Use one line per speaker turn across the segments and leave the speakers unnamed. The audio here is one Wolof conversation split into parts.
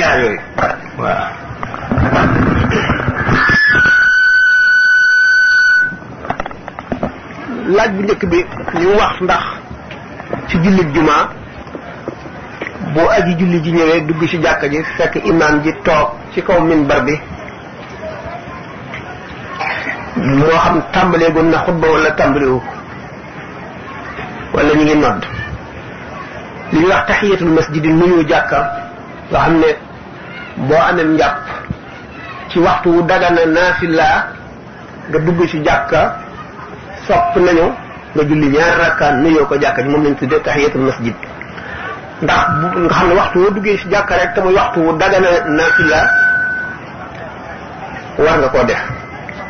laaj bu njëkk bi ñu wax ndax ci jullit jumaa boo aji julli ji ñëwee dugg ci jàkka ji fekk imaam ji toog ci kaw minbar bi moo xam tàmbaleegoon na xutba wala tàmbalewu wala ñu ngi nodd li ñuy taxiyatul masjid nuyoo jàkka nga xam ne boo amee njàpp ci waxtu wu dagana naafila nga dugg ci jàkka sopp nañu nga julli ñaar rakkaan nuyoo ko jàkka ji moom lañ tuddee tahiyatul masjid ndax nga xam ne waxtu woo duggee ci jàkka rek te muy waxtu wu dagana naafila war nga koo def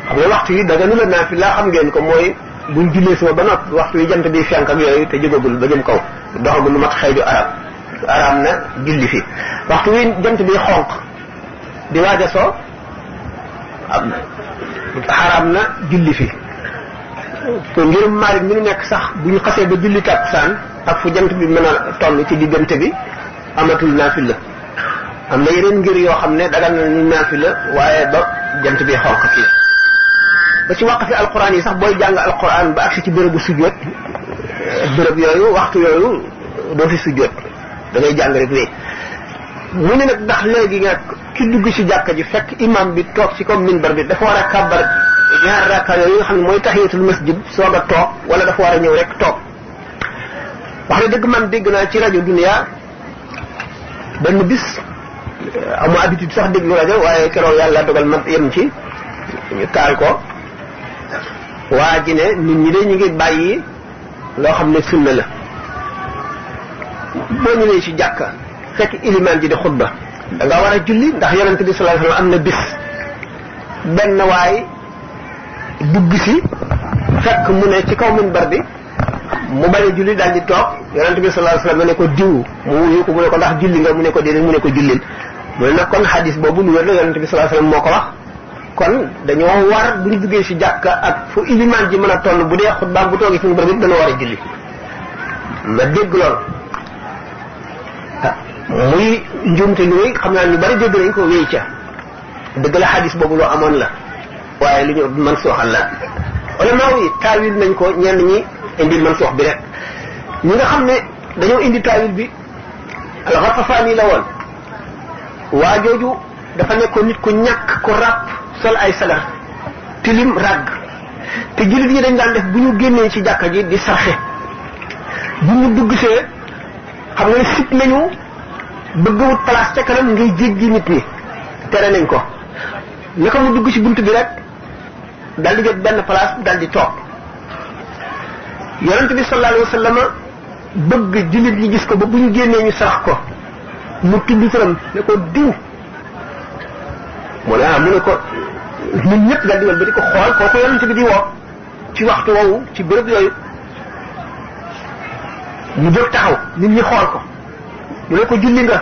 xam nga waxtu yi daganu la naafila xam ngeen ko mooy buñ jullee suba ba noppi waxtu yi jant bi fenk ak yooyu te jógagul ba jëm kaw doxagul lu mat xëy ju arab araam na julli fi waxtu wi jant bi xonq di waaj soo xaraam na julli fi te ngir Maalik mi nekk sax bu ñu xasee ba julli tàkkusaan ak fu jant bi mën a toll ci diggante bi amatul la am na yeneen ngir yoo xam ne dagal na la waaye ba jant bi xonq ki ba ci wàqati alquran yi sax booy jàng alquran ba agsi ci bërëbu sujjóot bërëb yooyu waxtu yooyu doo fi sujjóot da jàng rek wéy mu ne nag ndax léegi nga ki dugg ci jàkka ji fekk imam bi toog ci comme minbar bi dafa war a kàbbar ñaar rakka yooyu nga xam ne mooy tahiyatul masjid soo a toog wala dafa war a ñëw rek toog wax ne dëgg man dégg naa ci rajo dunia benn bis amoo habitude sax déglu rajo waaye keroog yàlla dogal man yem ci ñu taal ko waa ji ne nit ñi de ñu ngi bàyyi loo xam ne sunna la boo ñëwee ci jàkka fekk ilimaan ji di xutba da nga war a julli ndax yonente bi sallallahu alayhi wasallam am na bis benn waay dugg si fekk mu ne ci kaw mu bañ a julli daal di toog yonente bi sallallahu alayhi wasallam ne ko diw mu wuyu mu ne ko ndax julli nga mu ne ko déedéet mu ne ko jullil mu ne nag kon xadis boobu lu wér la yonente bi sallallahu alayhi wasallam moo ko wax kon dañoo war bu ñu duggee ci jàkka ak fu ilimaan ji mën a toll bu dee xutba bu toogee ci minbar bi dana war a julli nga dégg loolu muy njuumte lu xam naa lu bari dégg nañ ko wéy ca dëgg la xadis boobu loo amoon la waaye lu ñu man sooxal la ulamaa yi taawil nañ ko ñenn ñi indi man soox bi rek ñi nga xam ne dañoo indi taawil bi alxatafaani la woon waa jooju nit ku ñàkk ku sol ay sagar tilim ràgg te jullit ñi dañ daan def bu ñu génnee ci jàkka ji di sarxe bu ñu dugg see xam nga sib nañu bëgg wut place ca kanam ngay jéggi nit ñi tere nañ ko naka mu dugg ci bunt bi rek dal jot benn place dal di toog yonent bi sallallahu alayhi wa sallam bëgg jullit ñi gis ko ba bu ñu génnee ñu sarax ko mu tudd turam ne ko diw mu ne ah ko nit ñëpp dal di wal ba di ko xool kooku yonent bi di woo ci waxtu woowu ci béréb yooyu mu jóg taxaw nit ñi xool ko mu ne ko julli nga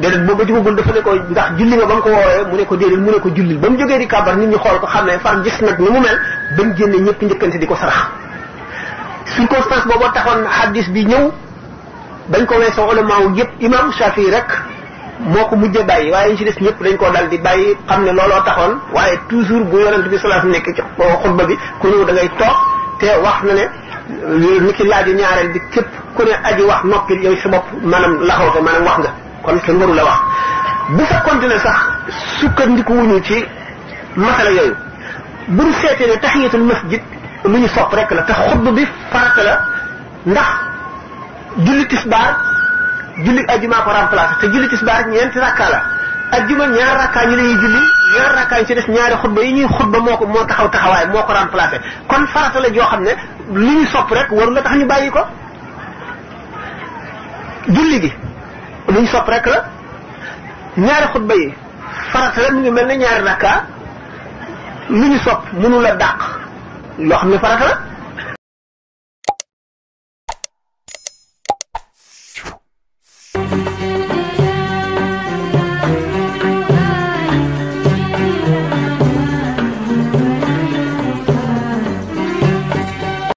déedéet boobu jubagul dafa ne ko ndax julli nga ba nga ko woowee mu ne ko déedéet mu ne ko julli ba mu jógee di kàbbar nit ñi xool ko xam ne far gis nag ni mu mel ba mu génne ñëpp njëkkante di ko sarax circonstance boobu taxoon hadis bi ñëw bañ koo weesoo ulama wu yëpp imam Shafi rek moo ko mujjee bàyyi waaye ñu ci des ñëpp dañ koo dal di bàyyi xam ne looloo taxoon waaye toujours bu yonent bi sallallahu alayhi wasallam nekk ci xutba bi ku ñëw da ngay toog te wax na ne ñu ci laaju ñaareel bi képp ku ne aji wax noppil yow sa bopp maanaam laxawte maanaam wax nga kon kenn waru la wax bu sa continuer sax sukkandiku wuñu ci masala yooyu buñ seetee ne taxiyatul masjid lu ñu sopp rek la te xutba bi farata la ndax julli tisbaar julli ajjuma ko remplacé te julli tisbaar ñeenti rakka la ajjuma ñaar rakka ñu lay julli ñaar rakka ñu ci des ñaari xutba yi ñuy xutba moo ko moo taxaw taxawaay moo ko remplacé kon farata la xam ne lu ñu sopp rek war la tax ñu bàyyi ko julli gi lu ñu sopp rek la ñaari xutba yi farata la mu ngi mel ni ñaari rakka lu ñu sopp mënu la dàq loo xam ne farata la